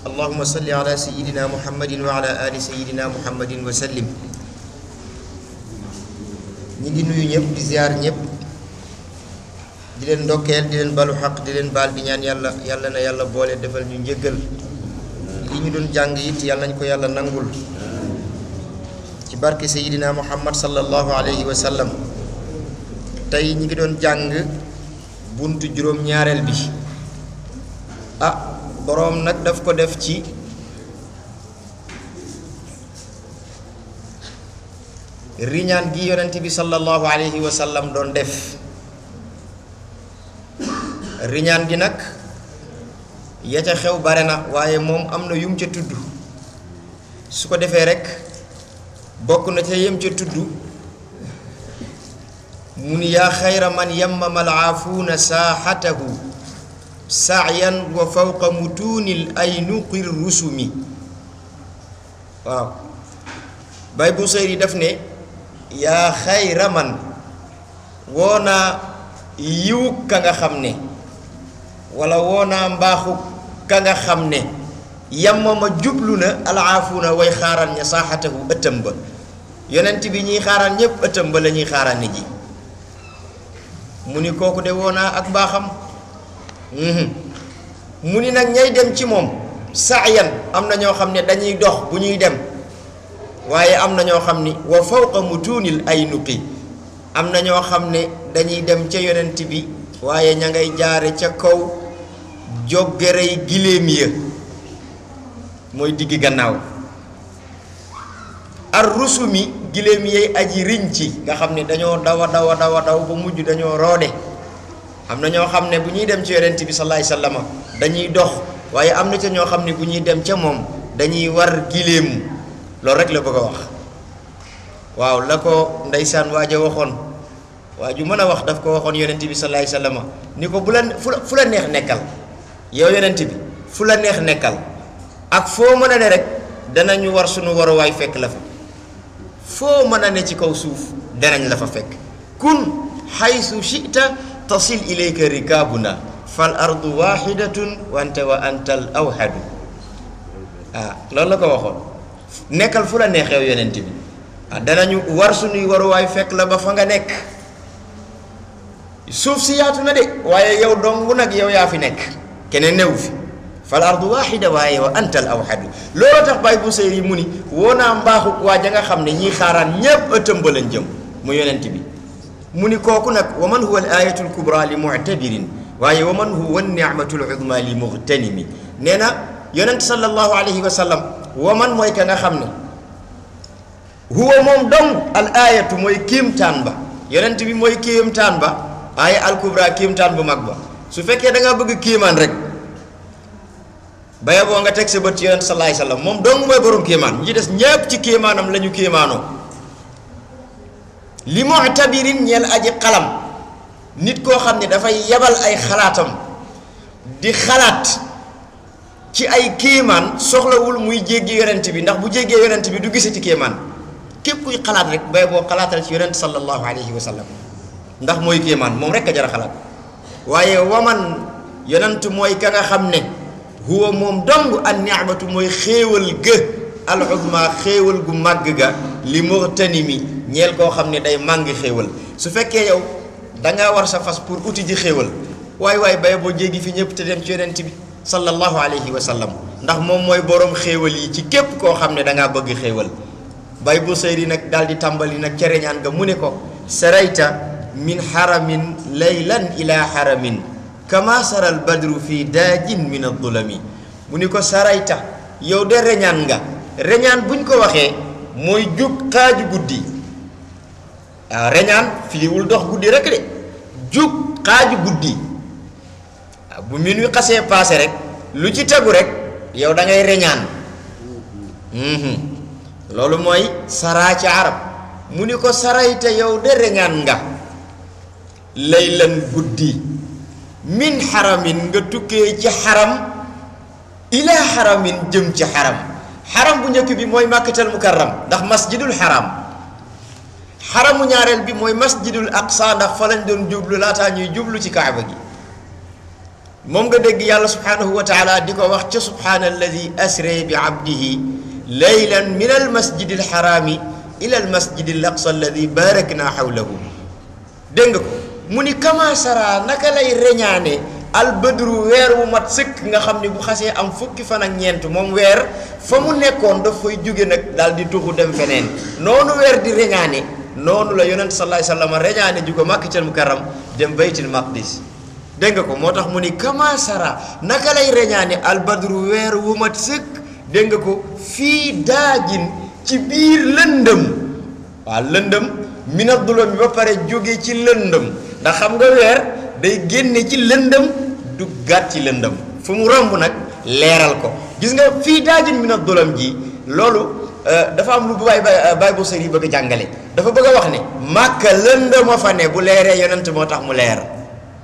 اللهم صل على سيدنا محمد وعلى ال سيدنا محمد وسلم نيغي نويو نييب دي زيار نييب دي لن دوكيل دي لن بالو حق دي لن بال دي يالا يالا نا يالا بوله ديفال ني نجيغل لي ني دون جانغ ييت يالا نكو يالا نانغول سي بارك سيدنا محمد صلى الله عليه وسلم تاي نيغي دون جانغ بونتو جوروم نياارل بي آه، boroom nag daf ko def ci riñaan gi yonent bi sallallahu alayhi wa sallam doon def riñaan gi nag ya ca xew bare na waaye moom am na yum ca tudd su ko defee rekk bokk na ca yem ca tudd mu ni yaa xayra man yammama al aafuuna sa'yan wa fawqa mutuunil aynuqir rusumi waaw bay bu seyri def ne yaa xayra man woo naa yiw ka nga xam ne walla woo naa mbaaxu ka nga xam ne yamama jublu na alaafuuna way xaaraan ña saaxatahu ëttam ba yonent bi ñuy xaaraan ñépp ëttam ba la xaaraan ni ji mu ni kooku de woo ak mbaaxam Mhm. mu ni nag ñay dem ci moom saayan am na ñoo xam ne dañuy dox bu ñuy dem waaye am na ñoo xam ni wa fawqa tuunil ay nuqi am na ñoo xam ne dañuy dem ca yonent bi waaye ña ngay jaare ca kaw joggerey giléem ya mooy diggi gannaaw ar rusumi giléem yay aji riñ ci nga xam ne dañoo daw a daw a daw ba mujj dañoo roode am na ñoo xam ne bu ñuy dem ci yonent bi salaay sallama dañuy dox waaye am na ca ñoo xam ne bu ñuy dem ca moom dañuy war giléemu loolu rek la bëgg a wax waaw la ko ndeysaan waaja waxoon waa ju mën a wax daf ko waxoon yonent bi salaay sallama ni ko bu la fu la neex nekkal yow yonent bi fu la neex nekkal ak foo mën a ne rek danañu war suñu waruwaay fekk la fa foo mën a ne ci kaw suuf danañ la fa fekk kun xaysu shita tasil ilayka rikaabuna fal ardu waaxidatun wante wa antal awhadu ah loolu la ko waxoon nekkal fu la neexew yonent bi ah danañu war suñuy waruwaayu fekk la ba fa nga nekk suuf si yaatu na de waaye yow dong nag yow yaa fi nekk keneen new fi fal ardu waaxida waaye wa antal awxadu looloo tax bàyyi bu séer yi mu ni woo naa mbaaxu waa ja nga xam ne ñiy xaaraan ñépp ëttëm ba lañ jëm mu yonent bi من كوكنك ومن هو الآية الكبرى لمعتبر وأي ومن هو النعمة العظمى لمغتنم نينا يننت صلى الله عليه وسلم ومن مويك نخمنا هو من دون الآية مويكيم تانبا يننت بي مويكيم تانبا آية الكبرى كيم تانبا مكبا سوفك يدنغا بغي كيمان رك بايبو أنغا تكسي بطيان صلى الله عليه وسلم من دون مويكيم تانبا نجي دس نيب تي كيمان أم لنيو كيمانو li muctabirin ñeel aji xalam nit koo xam ne dafay yebal ay xalaatam di xalaat ci ay kéemaan soxlawul muy jéggi yonent bi ndax bu jéggee yonent bi du gisati kéemaan képp kuy xalaat rek bay boo xalaatal ci yonent sallallahu alayhi wa sallam ndax mooy kéemaan moom rek a jar a xalaat waaye waman yonent mooy ka nga xam ne huwa moom dong an niamatu mooy xéewal gë al xéewal gu màgg ga li muxtani mi ñeel koo xam ne day màngi xéewal su fekkee yow da ngaa war sa fas pour uti ji xéewal waaye waaye bay boo jéggi fi ñëpp te dem ci yonent bi sallallahu alayhi wa sallam ndax moom mooy boroom xéewal yi ci képp koo xam ne da ngaa bëgg xéewal bay bu sëyri nag daal di tàmbali nag cereñaan ga mu ne ko sarayta min xaramin laylan ila xaramin kama saral badru fii daajin min adulami mu ni ko sarayta yow de reñaan nga reñaan buñ ko waxee mooy jóg xaaju guddi reñaan firiwul dox guddi rek de jóg xaaju guddi waaw bu minuit xasee paase rekk lu ci tagu rekk yow da reñaan mhm. loolu mooy saraa ci arab mu ni ko sarayte yow de reñaan nga laylan guddi min xaramin nga tukkee ci xaram ila xaramin jëm ci xaram xaram bu njëkk bi mooy màkkatal mukarram ndax masjidul xaram xaramu ñaareel bi mooy masjidul aqsa ndax fa lañ doon jublu laataa ñuy jublu ci kaaba gi moom nga dégg yàlla subhaanahu wa taala di ko wax ca subhaana alladi asre bi abdihi laylan min al masjidi al xaraami ila al masjidi al aqsa alladi barakna xawlahu dégg ko mu ni kama sara naka lay reñaane albëdru weer wu mat sëkk nga xam ni bu xasee am fukki fan ak ñeent moom weer fa mu nekkoon daf koy jóge nag daal di tuxu dem feneen noonu weer di reñaane noonu la yonent salaay salaam reñaane ju ko màkkatal mukarram dem baytil maqdis dégg nga ko moo tax mu ni kama naka lay reñaane albëdru weer wu mat sëkk dégg nga ko fii daajin ci biir lëndëm waaw lëndëm minadulom bi ba pare jóge ci lëndëm ndax xam nga weer day génne ci lëndëm duggaat ci lëndëm fu mu romb nag leeral ko gis nga fii daajin mi nag ji loolu euh, dafa am lu bu baay euh, baay bu sëriñ bëgg jàngale dafa bëgg a wax ne màkka lëndëma fa ne bu leeree yonent moo tax mu leer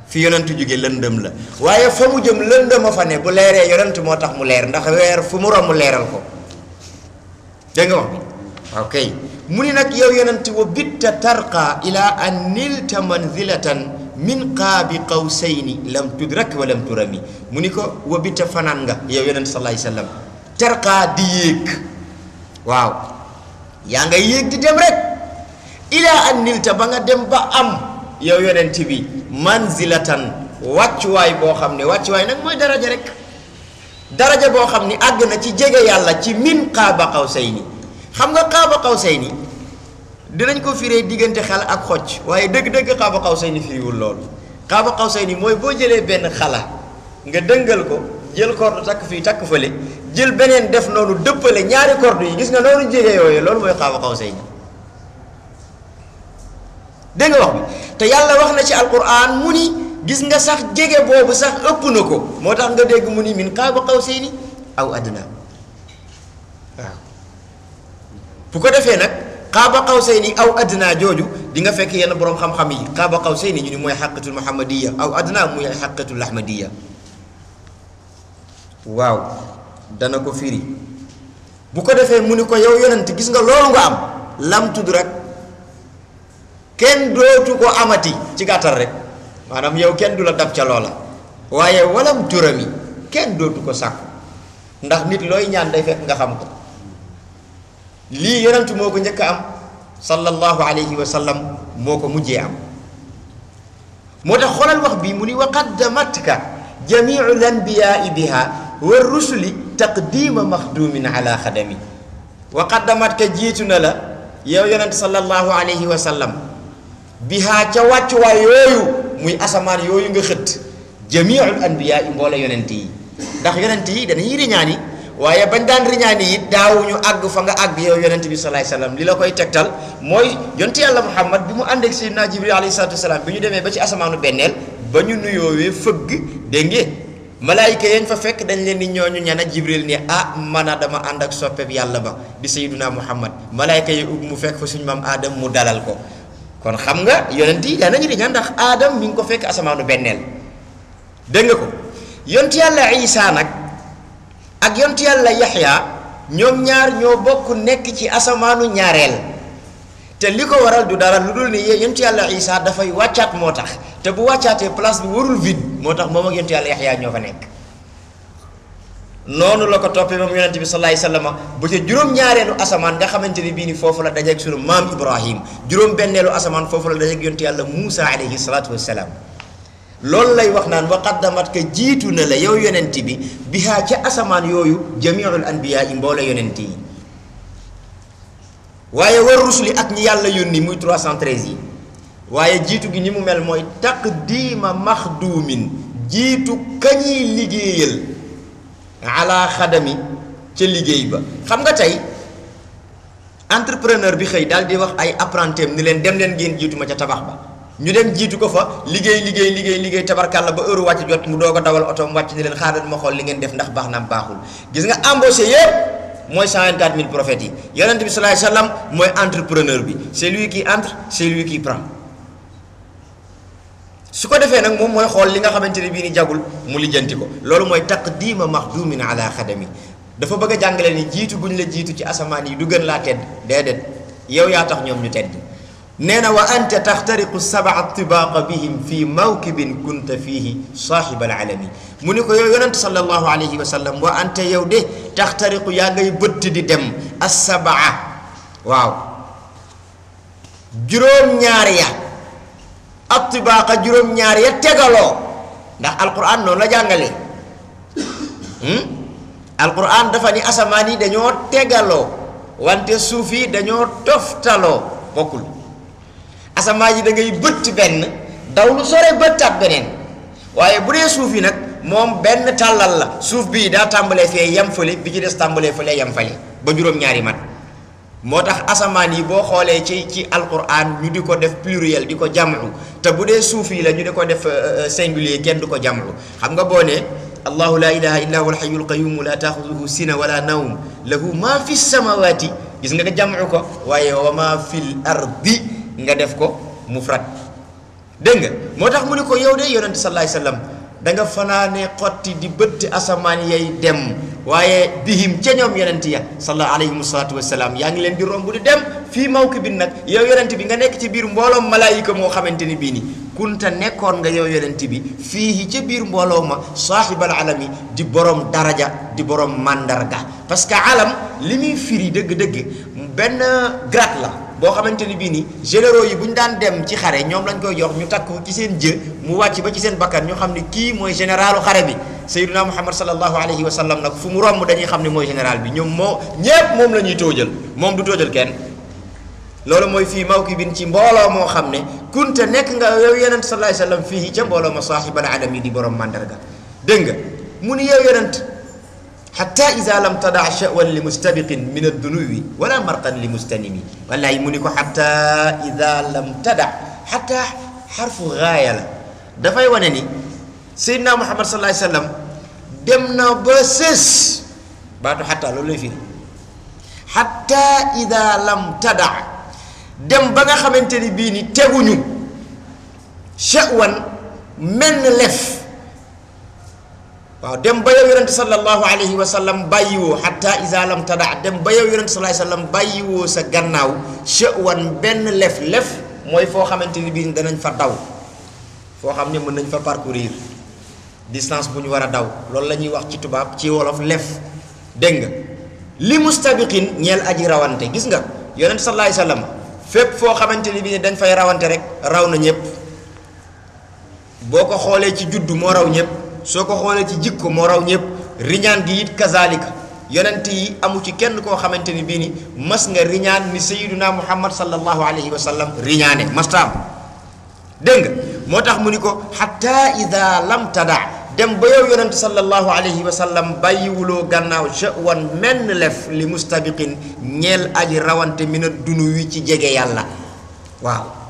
fi yonent jóge lëndëm la waaye fa mu jëm lëndëma fa ne bu leeree yonent moo tax mu leer ndax weer fu mu romb leeral ko dégg nga wax bi ok mu ni nag yow yonent wa bitta tarqa ila an nilta manzilatan min qaabi qawsayni lam tudrak wa lam turami mu ni ko wa bita fanaan nga yow yonent salaay sallam terqaa di yéeg waaw yaa nga yéeg di dem rek ilaa an nilta ba nga dem ba am yow yonent bi manzilatan wàccuwaay boo xam ne wàccuwaay nag mooy daraja rek daraja boo xam ni àgg na ci jege yàlla ci min qaaba qawsayni xam nga qaaba ni dinañ ko firee diggante xal ak xocc waaye dëgg-dëgg xaaba xaw say ni firiwul loolu xaaba xaw say ni mooy boo jëlee benn xala nga dëngal ko jël corde takk fii takk le jël beneen def noonu dëppale ñaari kord yi gis nga noonu jege yooyu loolu mooy xaaba xaw say ni dégg wax bi te yàlla wax na ci alquran mu ni gis nga sax jege boobu sax ëpp na ko moo tax nga dégg mu ni min xaaba xaw say ni aw àddina waaw bu ko defee nag xaaba xawsayni aw addina jooju di nga fekk yenn borom xam-xam yi xaaba xawsayni ñu ni mooy xaqiqatul muhammadiya aw adna muy xaqiqatul ahmadiya waaw dana ko firi bu ko defee mu ni ko yow yonent gis nga loolu nga am lam tudd rek kenn dootu ko amati ci gàttal rek maanaam yow kenn du la dab ca loola waaye walam turami kenn dootu ko sàkku ndax nit looy ñaan day fekk nga xam ko li yonantu moko ko am sallallahu alayhi wa sallam moko mujjé am motax xolal wax bi muni ni wa qaddamatka jamiu lanbiyaai biha wa ar-rusul taqdima makhdumin ala khadami wa qaddamatka jiitu la yow yonant sallallahu alayhi wa sallam biha ca waccu wàccuwaay yoyu muy asaman yoyu nga xët jamiu al anbiya mbolé yonent yi ndax yonent yi danañuy riñaani waaye bañ daan riñaani yi daawuñu àgg fa nga àgg yow yonent bi salaay salaam li la koy tegtal mooy yonent yàlla muhammad bi mu ànd ak sayyidina jibril alayhi salaatu wasalaam ñu demee ba ci asamaanu benneel ba ñu nuyoowee fëgg dégg ngeen malaayika yañ fa fekk dañ leen ni ñooñu ñana jibril ne ah mana dama ànd ak soppeeb yàlla ba di sayyidina muhammad malaayika yi ub mu fekk fa suñu maam aadam mu dalal ko kon xam nga yonent yi daan nañu riñaan ndax aadam mi ngi ko fekk asamaanu benneel dégg ko yonent yàlla isa nag ak yontu yàlla yaxya ñoom ñaar ñoo bokk nekk ci asamaanu ñaareel te li ko waral du dara lu dul ni yee yontu yàlla isa dafay wàccaat moo tax te bu wàccaatee place bi warul vide moo tax moom ak yontu yàlla yaxya ñoo fa nekk noonu la ko toppee moom yonente bi salaay sallama bu ca juróom-ñaareelu asamaan nga xamante ni bii ni foofu la dajeeg sunu maam ibrahim juróom benneelu asamaan foofu la dajeeg yontu yàlla muusa alayhi salaatu wassalaam loolu lay wax naan wa qaddamat ka jiitu na la yow yonent bi bihaa ca asamaan yooyu jamiul anbiyaa yi mboole yonent yi waaye war rusuli ak ñi yàlla yónni muy 313 yi waaye jiitu gi ni mu mel mooy takk taqdiima maxduumin jiitu kañuy liggéeyal ala xadami ca liggéey ba xam nga tey entrepreneur bi xëy daal di wax ay apprentim ni leen dem leen ngeen jiitu ma ca tabax ba ñu dem jitu ko fa liggéey liggéey liggéey liggéey tabarkalla ba euro wacc jot mu doog a dawal oto wacc ni leen xaaral ma xol li ngeen def ndax baxna baxul gis nga embauché yeb moy 124 prophète yi yaronte bi alayhi wasallam moy entrepreneur bi c'est lui qui entre c'est lui qui prend su ko defé nak mom moy xol li nga xamanteni bi ni jagul mu lijeenti ko loolu moy taqdima mahdumin ala khadami dafa bëgg jangale ni jitu buñ la jitu ci asaman yi du gën la tedd dedet yow ya tax ñom ñu tedd nee na wa anta taxtariqu sabaa tibaaqa bihim fi mawkibin kunta fiihi saaxibal alami mu ni ko yow yonent sallallahu alayhi wa sallam wa anta yow de taxtariqu yaa ngay bëtt di dem assabaa waaw juróom-ñaar ya juróom-ñaar tegaloo ndax alquran noonu la jàngale hmm? alquran dafa ni asamaan yi dañoo tegaloo wante suuf dañoo toftaloo bokkul asamaan yi da ngay bëtt benn daw lu sore bëttaat beneen waaye bu dee suuf yi nag moom benn tàllal la suuf bii daa tàmbalee fee yem fële bi ci des tàmbalee fële yem fële ba juróom-ñaari mat moo tax asamaan yi boo xoolee ci ci alquran ñu di ko def pluriel di ko jamcu te bu dee suuf yi la ñu di ko def euh, euh, singulier kenn du ko jamcu xam nga boo ne allahu la ilaha illa huwa alhayyul qayyum la taaxuduhu sina wala nawm lahu ma fi samawati gis nga ko jamcu ko waaye wa fi ardi nga def ko mufrad dégg nga moo tax mu ne ko yow de yonente sallallahu alayhi wasallam da nga fanaane xotti di bëtti asamaan yay dem waaye bihim ca ñoom yonent ya sallallahu alayhi wasalaatu wasalaam yaa ngi leen di romb di dem fii mawki bi nag yow yonent bi nga nekk ci biir mbooloom malaayika moo xamante ni bii ni kunta nekkoon nga yow yonent bi fii ca biir mbooloo ma saahibal alami di borom daraja di borom màndarga parce que alam li muy firi dëgg-dëgg benn grade la boo xamante ni bii nii généraux yi bu ñu daan dem ci xare ñoom lañ koy jox ñu takk ci seen jë mu wàcc ba ci seen bakkan ñu xam ne kii mooy généralu xare bi sayyiduna muhammad sallallahu alayhi wa sallam nag fu mu romb dañuy xam ne mooy général bi ñoom moo ñépp moom la ñuy toojal moom du toojal kenn loolu mooy fii maw ki mawkibin ci mbooloo moo xam ne kunte nekk nga yow yonent sallallahu alayhi wa sallam fii ca mbooloo ma saaxiban adam yi di borom mandarga dégg nga mu حتى إذا لم تدع شأوا لمستبق من الدنو ولا مرقا لمستنم ولا يمنك حتى إذا لم تدع حتى حرف غاية دفعي ونني سيدنا محمد صلى الله عليه وسلم دمنا بسس بعد حتى لولي لي حتى إذا لم تدع دم بغا خمنتني بيني تغنو شأوا من لف waaw dem ba yow yonente sallallahu alayhi wa sallam hatta isa lam tada dem ba yow yonente sallallahu alayhi sallam sa gannaaw shëwan benn lef lef mooy foo xamante ni bii danañ fa daw foo xam ne mën nañ fa parcourir distance bu ñu war a daw loolu la ñuy wax ci tubaab ci wolof lef dégg nga li mustabiqin ñeel aji rawante gis nga yonente sallallahu alayhi wa sallam fépp foo xamante ni bii dañ fay rawante rek raw na ñëpp boo ko ci judd moo raw ñëpp soo ko xoolee ci jikko moo raw ñëpp riñaan gi it kazalika yonent yi amu ci kenn koo xamante ni bii ni mas nga riñaan ni sayiduna muhammad sallallahu alayhi wa sallam riñaane mastaam dégg nga moo tax mu ni ko xatta ida lam tada dem ba yow yonent sallallahu alayhi wa sallam bàyyiwuloo gannaaw jawan menn lef li mustabiqin ñeel aj rawante mina dunu wi ci jege yàlla waaw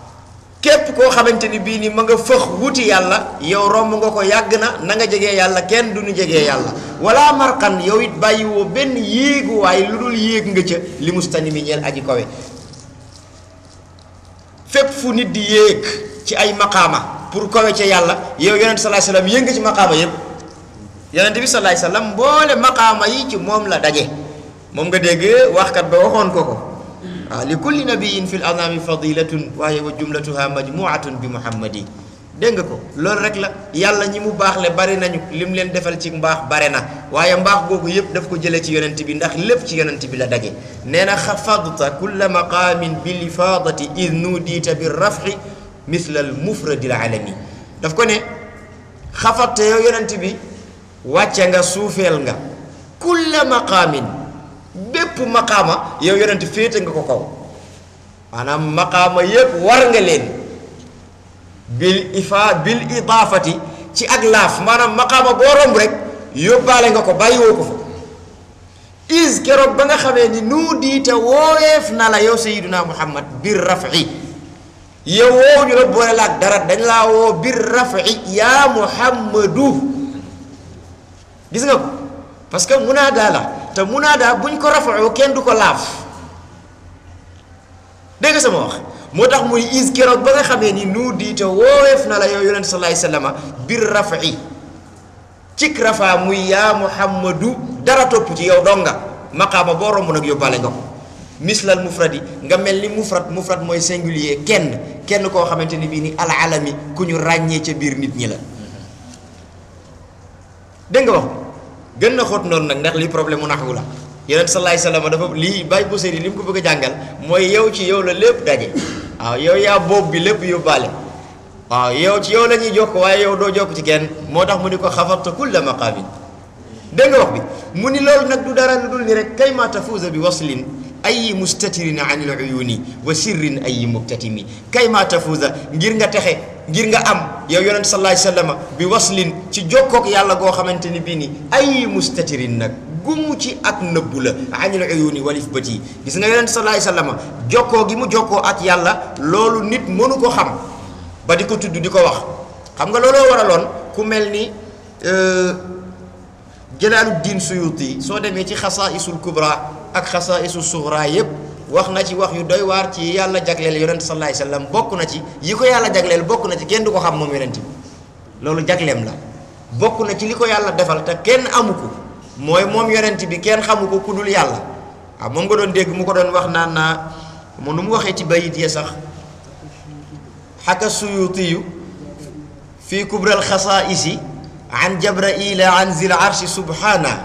kep ko xamanteni bi ni ma nga fex wuti yalla yow rom nga ko yag na na nga jégué yalla kenn duñu jégué yalla wala marqan yow it bayyi wo ben yéeguwaay way dul yéeg nga ca li mustani mi ñel aji kowe fep fu nit di yéeg ci ay maqama pour kowe ci yalla yow yaron sallallahu alayhi wasallam yënga ci maqaama yépp yonente sallallahu alayhi wasallam mboole maqama yi ci mom la dajé mom nga dégg kat ba waxon ko ko لكل نبي في الأنام فضيلة وهي وجملتها مجموعة بمحمد dégg nga ko loolu rek la yàlla ñi mu baax le bari nañu lim leen defal ci mbaax bare na waaye mbaax googu yépp daf ko jëlee ci yonent bi ndax lépp ci yonent bi la dage nee na xafadta kulla maqaamin bilifadati id nuudiita bi rafqi misla al mufradi alami daf ko ne xafadta yow yonent bi wàcce nga suufeel nga kulla maqaamin bépp maqaama yow yonent féete nga ko kaw maanaam maqaama yépp war nga leen bil ifa bil idaafati ci ak laaf maanaam maqaama boo romb rek yóbbaale nga ko bàyyiwoo ko fa is keroog ba nga xamee ni nuu diite wooweef na la yow sayiduna muhammad bir rafi yow woowu ñu la boole dara dañ laa woo bir rafi yaa muhammadu gis nga ko parce que munaadaa la te munaada buñ ko rafoo kenn du ko laaf dégg sama wax moo tax muy is keroog ba nga xamee ni nuu diite wooweef na la yow yonent salaay sallama biir rafi cik rafa muy yaa muhammadu dara topp ci yow donga maqaama boo romb nag yóbbaale nga ko mislal mufrad nga mel ni mufrad mufrad mooy singulier kenn kenn koo xamante ni bii ni alalami ku ñu ràññee ca biir nit ñi la dégg nga gën na xóot noonu nag ndax lii problème mu naxwu la yeneen salaay salaam dafa lii bay bu sëri li mu ko bëgg a jàngal mooy yow ci yow la lépp daje waaw yow yaa boob bi lépp yóbbaale waaw yow ci yow la ñuy jokk waaye yow doo jokk ci kenn moo tax mu ni ko xafarta kulla maqaamin dégg nga wax bi mu ni loolu nag du dara lu dul ni rek kay ma tafuusa bi waslin ay mustatirin an al uyuni wa sirrin ay muktatimi kay ma ngir nga texe ngir nga am yow yonent salaay sallama bi waslin ci jokkook yàlla goo xamante ni bii ni ay mustatirin nag gumu ci ak nëbbu la añul uyuni walif bët yi gis nga yonent salaay sallama jokkoo gi mu jokkoo ak yàlla loolu nit mënu ko xam ba di ko tudd di ko wax xam nga looloo waraloon ku mel ni euh, jalaalu diin suyuti soo demee ci xasaisul kubra ak xasaisul sughra yépp wax na ci wax yu doy waar ci yàlla jagleel yonent sallallahu alayhi wasallam bokk na ci yi ko yàlla jagleel bokk na ci kenn du ko xam moom yonent bi loolu jagleem la bokk na ci li ko yàlla defal te kenn amu mooy moom yonent bi kenn xamu ko ku dul yàlla waaw ah, moom nga doon dégg mu ko doon wax naan naa mu nu mu waxee ci bayit yi sax xaka suyutiyu fii kubral xasaa'isi an jabraila an zil arshi subhana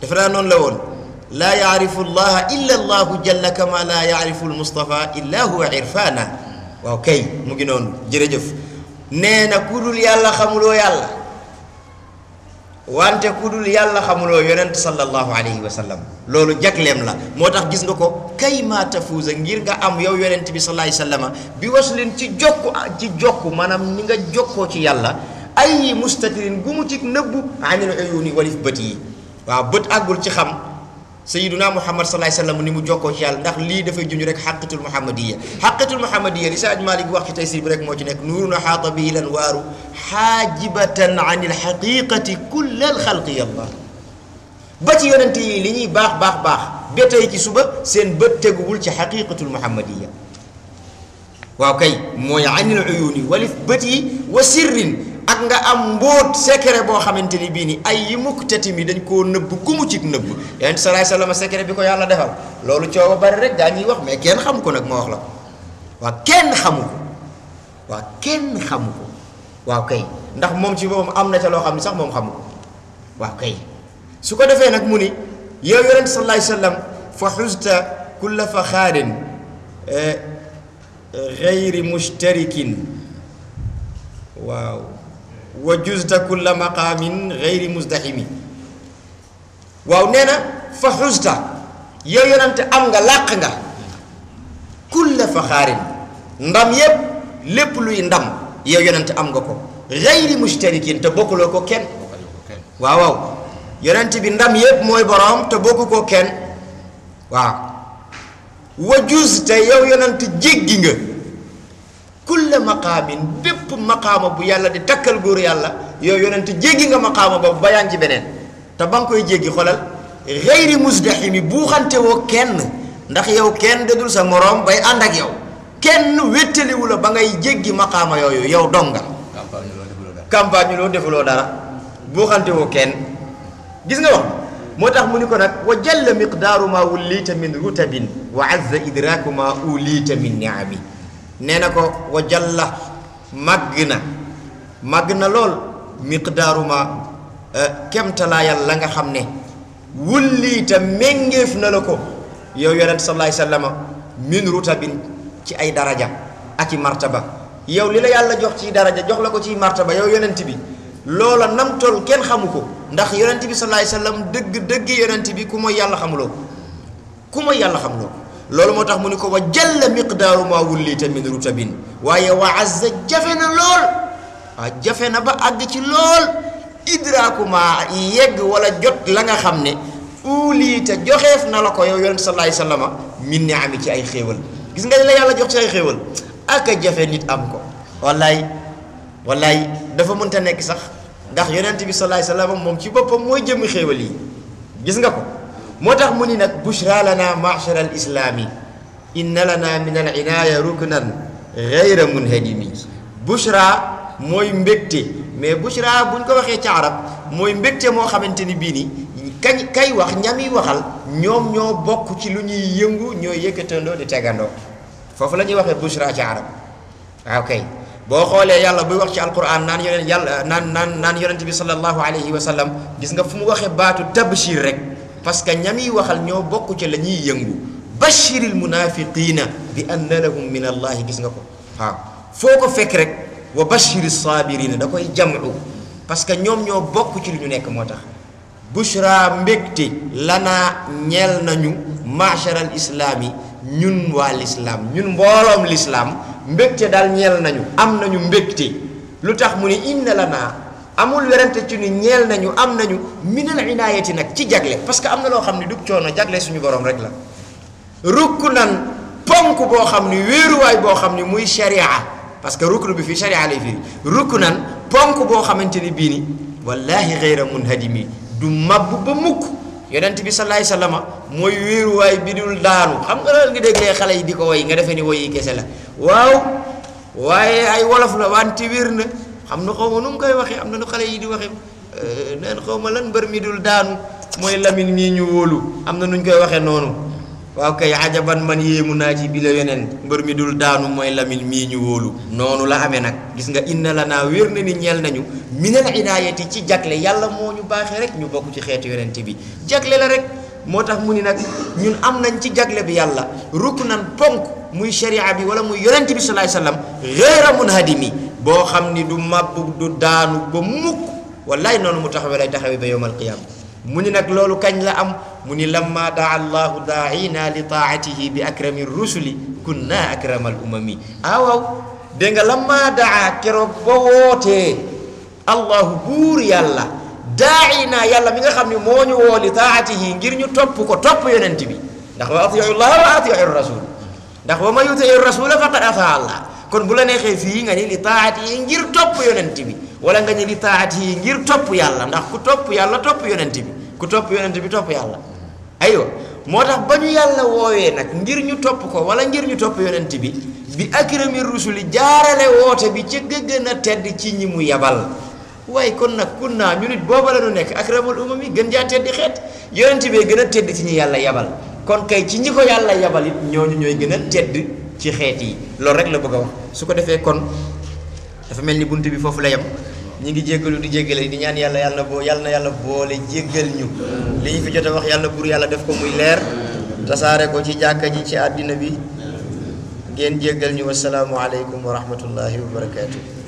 defe naa noonu la woon لا يعرف الله إلا الله جل كما لا يعرف المصطفى إلا هو عرفانا وكي مجنون جرجف نينا كدول يالا خمولو يالا وانت كدول يالا خمولو يونت صلى الله عليه وسلم لولو لهم لا موتاك غيس نكو كاي ما تفوز نجير nga أم يو yonent بي صلى الله عليه وسلم بي وصلين تي جوكو تي manam ni nga jokko ci yalla ay mustatirin gumu ci نبو عن العيوني walif bati wa beut agul سيدنا محمد صلى الله عليه وسلم ني مو جوكو شي يال الله لي دا فاي جوني رك حقه المحمديه حقه المحمديه لي ساج مالك واخ تي سي بريك موتي نيك نورنا حاط به الانوار حاجبه عن الحقيقه كل الخلق يا الله باتي يونتي لي ني باخ باخ باخ بيتاي كي صبا سين بت تغول شي حقيقه المحمديه واو كاي موي عن العيون ولف بتي وسر ak nga am mbóot secret boo xamante ni bii nii ay yi mukk tatim yi dañ koo nëbb gumu ci nëbb yonent salaay salaam secret bi ko yàlla defal loolu coow a bari rek daa ñuy wax mais kenn xamu ko nag ma wax la ko waa kenn xamu ko waa kenn xamu ko waaw kay ndax moom ci am na ca loo xam ne sax moom xamu ko waaw su ko defee nag mu ni yow yonent salaay salaam fa xusta kulla faxaarin eh, gayri mustarikin waaw وجزت كل مقام غير مزدحم واو نينا فخزت يو يونت امغا لاقغا كل فخار ندم ييب ليب لوي ندم يو يونت امغا كو غير مشتركين تبوكلو كو كين واو واو يونت بي ندم ييب موي بروم تبوكو كو كين واو وجزت يو يونت جيغيغا kulle maqaamin bépp maqaama bu yàlla di takkal góor yàlla yow yonent jéggi nga maqaama boobu ba yaa ngi ci beneen te ba nga koy jéggi xolal xëyri musdaximi buuxante woo kenn ndax yow kenn dedul sa moroom bay ànd ak yow kenn wéttaliwu la ba ngay jéggi maqaama yooyu yow donga campagne loo defuloo dara buuxante woo kenn gis nga wax moo mu ni ko wa jalla miqdaaru ma wullita min rutabin wa azza idraaku ma uliita min niami nee na ko wa jalla màgg na màgg na lool miqdaaruma eh, kemtalaayal la nga xam ne wulliita méngeef na la ko yow yonent salaay sallama min rutabin ci ay daraja ak i ba yow li la yàlla jox ci daraja jox la ko ci ba yow yonent bi loola nam toll kenn xamu ko ndax yonent bi salaay sallam dëgg dëgg yonent bi ku mooy yàlla xamuloo ku mooy yàlla xamuloo lolu motax muniko wa jalla miqdaru ma wulita min rutabin waya wa azza jafena lol a jafena ba ag ci lol idraaku maa yegg wala jot la nga xamne ulita joxef nalako yow la sallallahu alayhi wasallam min ni ci ay xewal gis nga la yàlla jox ci ay xewal ak jafe nit am ko wallahi wallahi dafa munta nek sax ndax yonent bi alayhi wasallam mom ci bopam moy jëm xewal yi gis nga ko moo tax mu ni nag bushra lana machara al islaami inna lana min al inaaya ruknan gayra munhadimi bushra mooy mbégte mais bushra buñ ko waxee ca arab mooy mbégte moo xamante ni bii ni kañ kay wax ñami waxal ñoom ñoo bokk ci lu ñuy yëngu ñooy yëkkatandoo di tegandoo foofu la ñuy waxee bushra ci arab waaw ah, kay boo xoolee yàlla buy wax ci alquran naan yonent yàlla naan naan naan yonent bi sallallahu alayhi wa gis nga fu mu waxee baatu tabshir rek parce que ñami waxal ñoo bokk ci la ñuy yëngu bashiril munafiqina bi anna lahum min allahi gis nga ko waaw foo ko fekk rek wa bashiri saabirina da koy jamu parce que ñoom ñoo bokk ci li ñu nekk moo tax bushra mbégte lanaa ñeel nañu macharal islaam yi ñun waa lislaam ñun mbooloom lislaam mbégte daal ñeel nañu am nañu mbégte lu tax mu ne inna lanaa amul werante ci ni ñeel nañu am nañu minal inaayati nag ci jagle parce que am na loo xam ne du coono jagle suñu borom rek la rukk nan ponk boo xam ni wéeruwaay boo xam ni muy sharia parce que rukk bi fii sharia lay firi rukk nan ponk boo xamante ni bii ni wallahi xeyra munhadimi du mabb ba mukk yonent bi salaay sallama mooy wéeruwaay bi dul daanu xam nga loolu nga déggee xale yi di ko woy nga defee ni woy yi kese la waaw waaye ay wolof la wante wér na xam na xaw ma nu mu koy waxee am na nu xale yi di waxee eh, neen xaw ma lan mbër mi dul daanu mooy Lamine mii ñu wóolu am na nuñ koy waxee noonu waaw kay ajaban man yéemu naa ci bi la mbër mi dul daanu mooy Lamine mii ñu wóolu noonu la amee nag gis nga inna la naa wér na ni ñeel nañu minal inaayati ci jagle yàlla moo ñu baaxee rek ñu bokk ci xeetu yonente bi jagle la rek moo tax mu ni nag ñun am nañ ci jagle bi yàlla ruknan ponk muy sharia bi wala muy yonente bi sallallahu alayhi wasallam ghayra munhadimi boo xam ni du màbb du daanu ba mukk wallaay noonu mu taxawee lay taxawee ba yowmal qiyaama mu ni nag loolu kañ la am mu ni lamma daa llahu daaina li taatihi bi akrami rusuli kunna akramal umami awaaw ah, dégg nga lamma daa keroog ba wootee allahu buur yàlla daaina nga xam ne moo ñu woo li taatihi ngir ñu topp ko topp yonent bi ndax wa atiu llaha wa atiu rasul ndax wa man yutii rasula faqad ataa allah kon bu la neexee fii nga ni li taat yi ngir topp yonent bi wala nga ni li taat yi ngir topp yàlla ndax ku topp yàlla topp yonent bi ku topp yonent bi topp yàlla aywa moo tax ba ñu yàlla woowee nag ngir ñu topp ko wala ngir ñu topp yonent bi bi akrami rusuli jaarale woote bi ca gën a tedd ci ñi mu yabal waaye kon nag kun naa ñu nit booba la ñu nekk akramul umam yi gën jaa tedd xeet yonent bee gën a tedd ci ñi yàlla yabal kon kay ci ñi ko yàlla ñooy gën a tedd ci xeet yi loolu rek la bëgg a wax su ko defee kon dafa mel ni bunt bi foofu la yem ñu ngi jéggalu di jéggale di ñaan yàlla yàlla boo yàlla na yàlla boole jéggal ñu li ñu fi jot a wax yàlla buur yàlla def ko muy leer tasaare ko ci jàkka ji ci àddina bi ngeen jéggal ñu wasalaamu aleykum wa rahmatullahi wa barakaatu.